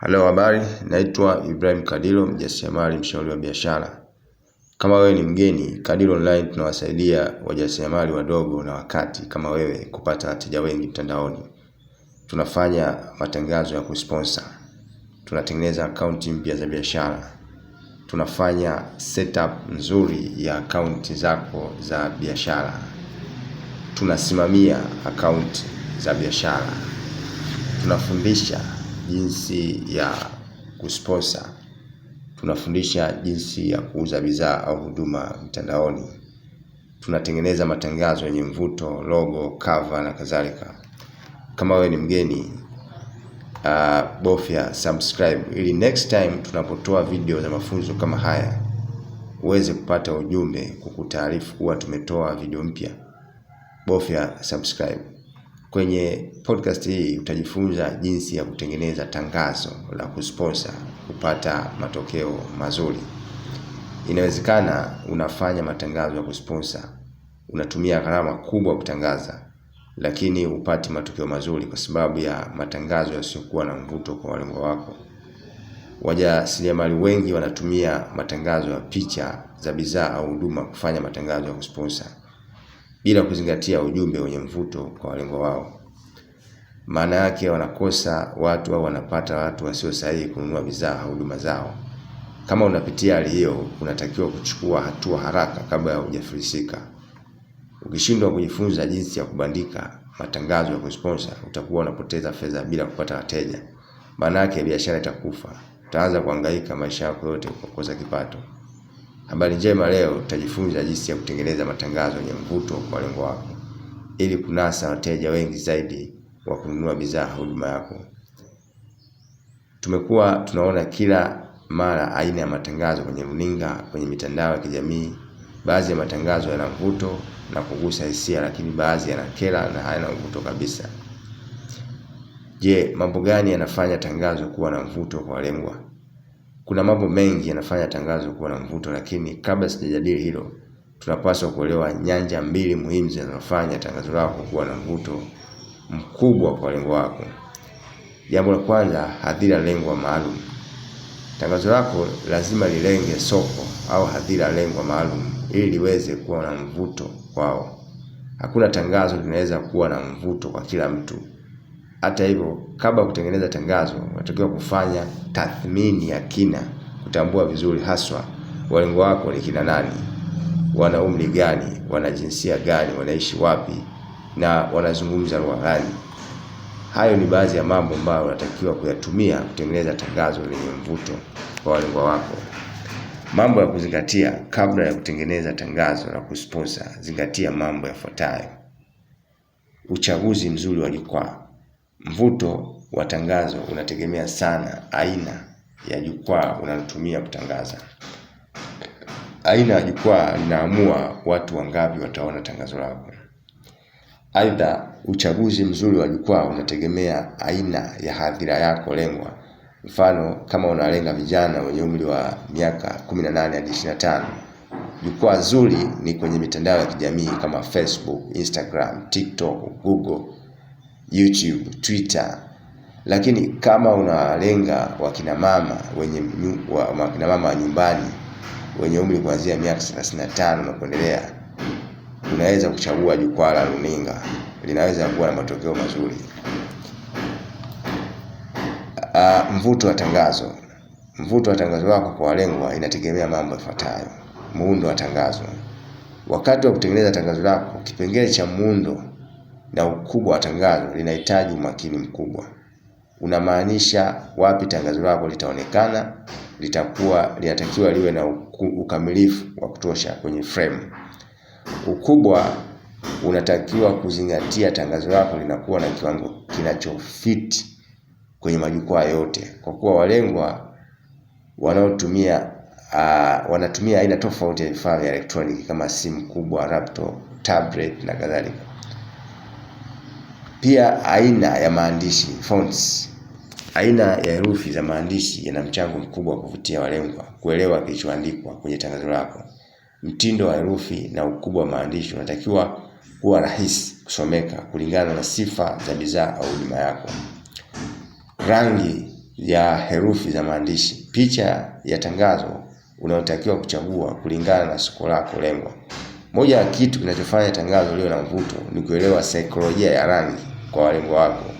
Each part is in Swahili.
Halo, habari. Naitwa Ibrahim Kadilo, mjasiriamali, mshauri wa biashara. Kama wewe ni mgeni, Kadilo Online tunawasaidia wajasiriamali wadogo na wakati kama wewe kupata wateja wengi mtandaoni. Tunafanya matangazo ya kusponsor, tunatengeneza akaunti mpya za biashara, tunafanya setup nzuri ya akaunti zako za biashara, tunasimamia akaunti za biashara, tunafundisha jinsi ya kusponsor, tunafundisha jinsi ya kuuza bidhaa au huduma mtandaoni, tunatengeneza matangazo yenye mvuto, logo, cover na kadhalika. Kama wewe ni mgeni uh, bofya subscribe ili next time tunapotoa video za mafunzo kama haya uweze kupata ujumbe kukutaarifu kuwa tumetoa video mpya. Bofya subscribe. Kwenye podcast hii utajifunza jinsi ya kutengeneza tangazo la kusponsor kupata matokeo mazuri. Inawezekana unafanya matangazo ya kusponsor, unatumia gharama kubwa kutangaza, lakini upati matokeo mazuri kwa sababu ya matangazo yasiyokuwa na mvuto kwa walengo wako. Wajasiriamali wengi wanatumia matangazo ya picha za bidhaa au huduma kufanya matangazo ya kusponsor bila kuzingatia ujumbe wenye mvuto kwa walengo wao maana yake wanakosa watu au wanapata watu wasio sahihi kununua bidhaa au huduma zao. Kama unapitia hali hiyo, unatakiwa kuchukua hatua haraka kabla ya hujafilisika. Ukishindwa kujifunza jinsi ya kubandika matangazo ya kusponsor, utakuwa unapoteza fedha bila kupata wateja. Maana yake biashara itakufa, utaanza kuhangaika maisha yako yote kukosa kipato. Habari njema, leo utajifunza jinsi ya kutengeneza matangazo yenye mvuto kwa lengo lako, ili kunasa wateja wengi zaidi wa kununua bidhaa huduma yako. Tumekuwa tunaona kila mara aina ya matangazo kwenye runinga, kwenye mitandao ya kijamii. Baadhi ya matangazo yana mvuto na kugusa hisia, lakini baadhi yanakera na hayana mvuto kabisa. Je, mambo gani yanafanya tangazo kuwa na mvuto kwa walengwa? Kuna mambo mengi yanafanya tangazo kuwa na mvuto, lakini kabla sijajadili hilo, tunapaswa kuelewa nyanja mbili muhimu zinazofanya tangazo lako kuwa na mvuto mkubwa kwa lengo wako. Jambo la kwanza, hadhira lengwa maalum. Tangazo lako lazima lilenge soko au hadhira lengwa maalum ili liweze kuwa na mvuto kwao. Hakuna tangazo linaweza kuwa na mvuto kwa kila mtu. Hata hivyo, kabla ya kutengeneza tangazo, unatakiwa kufanya tathmini ya kina, kutambua vizuri haswa walengo wako ni kina nani, wana umri gani, wana jinsia gani, wanaishi wapi na wanazungumza lugha gani. Hayo ni baadhi ya mambo ambayo unatakiwa kuyatumia kutengeneza tangazo lenye mvuto kwa walengwa wako. Mambo ya kuzingatia kabla ya kutengeneza tangazo la kusponsa, zingatia mambo yafuatayo: uchaguzi mzuri wa jukwaa. Mvuto wa tangazo unategemea sana aina ya jukwaa unalotumia kutangaza. Aina ya jukwaa linaamua watu wangapi wataona tangazo lako. Aidha, uchaguzi mzuri wa jukwaa unategemea aina ya hadhira yako lengwa. Mfano, kama unalenga vijana wenye umri wa miaka 18 hadi 25, jukwaa zuri ni kwenye mitandao ya kijamii kama Facebook, Instagram, TikTok, Google, YouTube, Twitter. Lakini kama unalenga wakina mama wenye wakina mama wa nyumbani wenye umri kuanzia miaka 35 na kuendelea Unaweza kuchagua jukwaa la runinga. Linaweza kuwa na matokeo mazuri. Ah, mvuto wa tangazo. Mvuto wa tangazo lako kwa walengwa inategemea mambo yafuatayo. Muundo wa tangazo. Wakati wa kutengeneza tangazo lako, kipengele cha muundo na ukubwa wa tangazo linahitaji umakini mkubwa. Unamaanisha wapi tangazo lako litaonekana, litakuwa linatakiwa liwe na ukamilifu wa kutosha kwenye frame ukubwa unatakiwa kuzingatia tangazo lako linakuwa na kiwango kinachofit kwenye majukwaa yote kwa kuwa walengwa wanaotumia uh, wanatumia aina tofauti ya vifaa vya elektroniki kama simu kubwa, laptop, tablet na kadhalika. Pia aina ya maandishi fonts, aina ya herufi za maandishi yana mchango mkubwa kuvutia walengwa kuelewa kilichoandikwa kwenye tangazo lako mtindo wa herufi na ukubwa wa maandishi unatakiwa kuwa rahisi kusomeka kulingana na sifa za bidhaa au huduma yako. Rangi ya herufi za maandishi, picha ya tangazo unayotakiwa kuchagua kulingana na soko lako lengwa. Moja ya kitu kinachofanya tangazo liwe na mvuto ni kuelewa saikolojia ya rangi kwa walengwa wako,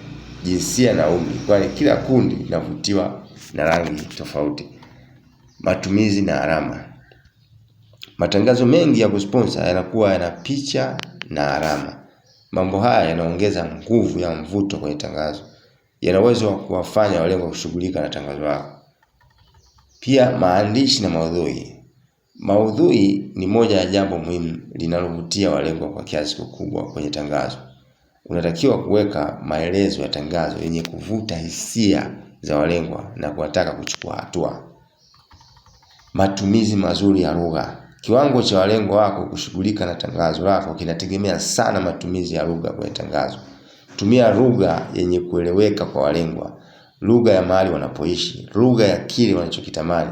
jinsia na umri, kwani kila kundi linavutiwa na rangi tofauti. Matumizi na alama. Matangazo mengi ya kusponsa yanakuwa yana picha na alama. Mambo haya yanaongeza nguvu ya mvuto kwenye tangazo. Yana uwezo wa kuwafanya walengwa kushughulika na tangazo lako. Pia maandishi na maudhui. Maudhui ni moja ya jambo muhimu linalovutia walengwa kwa kiasi kikubwa kwenye tangazo. Unatakiwa kuweka maelezo ya tangazo yenye kuvuta hisia za walengwa na kuwataka kuchukua hatua. Matumizi mazuri ya lugha. Kiwango cha walengo wako kushughulika na tangazo lako kinategemea sana matumizi ya lugha kwenye tangazo. Tumia lugha yenye kueleweka kwa walengwa, lugha ya mahali wanapoishi, lugha ya kile wanachokitamani.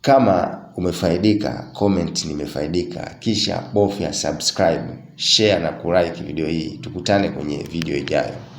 Kama umefaidika, comment nimefaidika, kisha bofya subscribe, share na kulike video hii. Tukutane kwenye video ijayo.